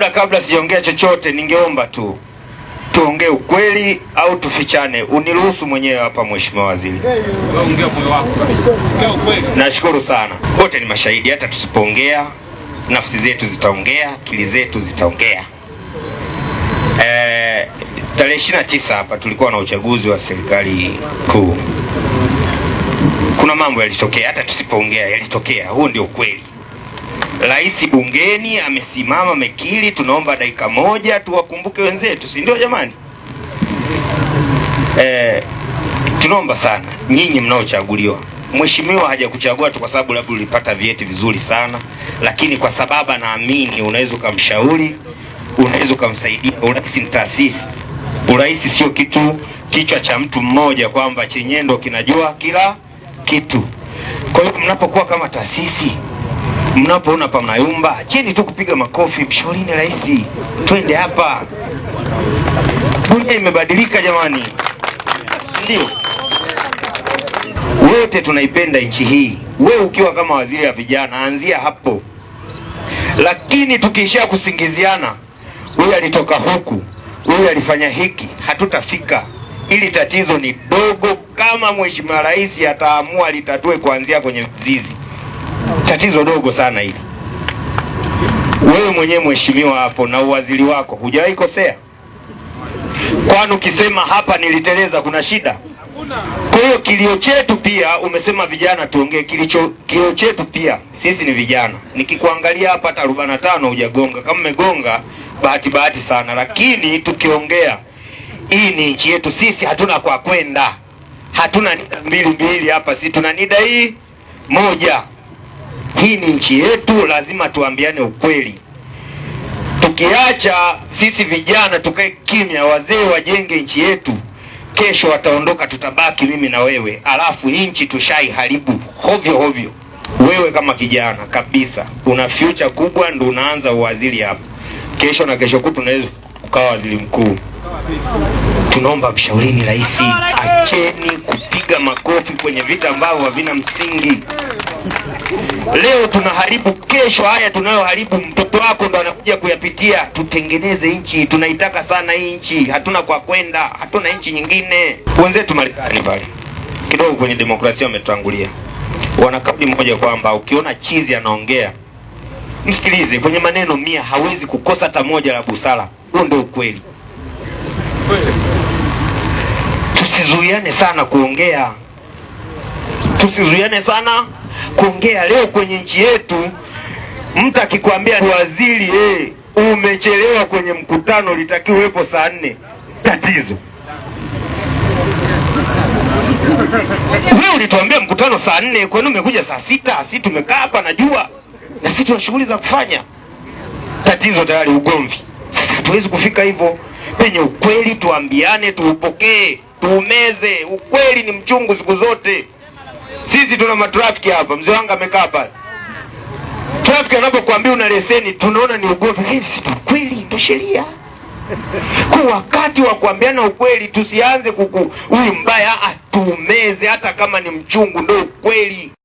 labda kabla sijaongea chochote, ningeomba tu tuongee ukweli au tufichane. Uniruhusu mwenyewe hapa, mheshimiwa waziri. Nashukuru sana, wote ni mashahidi. Hata tusipoongea, nafsi zetu zitaongea, akili zetu zitaongea. E, tarehe ishirini na tisa hapa tulikuwa na uchaguzi wa serikali kuu. Kuna mambo yalitokea, hata tusipoongea yalitokea. Huu ndio ukweli. Rais bungeni amesimama mekili tunaomba dakika moja tuwakumbuke wenzetu, si ndio jamani? E, tunaomba sana nyinyi mnaochaguliwa. Mheshimiwa hajakuchagua tu kwa sababu labda ulipata vyeti vizuri sana, lakini kwa sababu anaamini unaweza ukamshauri, unaweza ukamsaidia. Urais ni taasisi, urais sio kitu kichwa cha mtu mmoja kwamba chenyewe ndo kinajua kila kitu. Kwa hiyo mnapokuwa kama taasisi mnapoona pa mnayumba, acheni tu kupiga makofi, mshaurini rais, twende hapa. Dunia imebadilika jamani, ndio wote tunaipenda nchi hii. Wewe ukiwa kama waziri wa vijana, anzia hapo, lakini tukiishia kusingiziana, huyu alitoka huku, huyu alifanya hiki, hatutafika. Ili tatizo ni dogo, kama mheshimiwa rais ataamua litatue kuanzia kwenye mzizi tatizo dogo sana hili. Wewe mwenyewe mheshimiwa hapo na uwaziri wako hujawahi kosea? Kwani ukisema hapa niliteleza kuna shida? Kwa hiyo kilio chetu pia, umesema vijana tuongee, kilicho kilio chetu pia sisi ni vijana. Nikikuangalia hapa hata arobaini na tano hujagonga, kama umegonga bahati bahati sana, lakini tukiongea, hii ni nchi yetu sisi, hatuna kwa kwenda, hatuna nida mbili mbili hapa, sisi tuna nida hii moja. Hii ni nchi yetu, lazima tuambiane ukweli. Tukiacha sisi vijana tukae kimya, wazee wajenge nchi yetu, kesho wataondoka, tutabaki mimi na wewe, alafu nchi tushaiharibu hovyo hovyo. Wewe kama kijana kabisa, una future kubwa, ndo unaanza uwaziri hapo, kesho na kesho kutu unaweza ukawa waziri mkuu. Tunaomba mshauri rais, acheni kupiga makofi kwenye vita ambavyo havina msingi. Leo tunaharibu, kesho haya tunayoharibu mtoto wako ndo anakuja kuyapitia. Tutengeneze nchi, tunaitaka sana hii nchi, hatuna kwa kwenda, hatuna nchi nyingine. Wenzetu Marekani pale kidogo kwenye demokrasia wametangulia, wana kauli moja kwamba ukiona chizi anaongea msikilize, kwenye maneno mia hawezi kukosa hata moja la busara. Huo ndio ukweli. Tusizuiane sana kuongea, tusizuiane sana kuongea leo kwenye nchi yetu. Mtu akikwambia waziri, hey, eh, umechelewa kwenye mkutano, litakiwa uwepo saa nne, tatizo wewe ulituambia mkutano saa nne, kwani umekuja saa sita? Sisi tumekaa hapa, najua na sisi tuna shughuli za kufanya. Tatizo tayari ugomvi. Sasa hatuwezi kufika hivyo. Penye ukweli tuambiane, tuupokee, tuumeze. Ukweli ni mchungu siku zote. Sisi tuna matrafiki hapa, mzee wangu amekaa pale. Trafiki anapokuambia una leseni, tunaona ni ugomvi. Hii si kweli, ndio sheria. Kwa wakati wa kuambiana ukweli, tusianze kuku huyu mbaya, atumeze hata kama ni mchungu, ndio ukweli.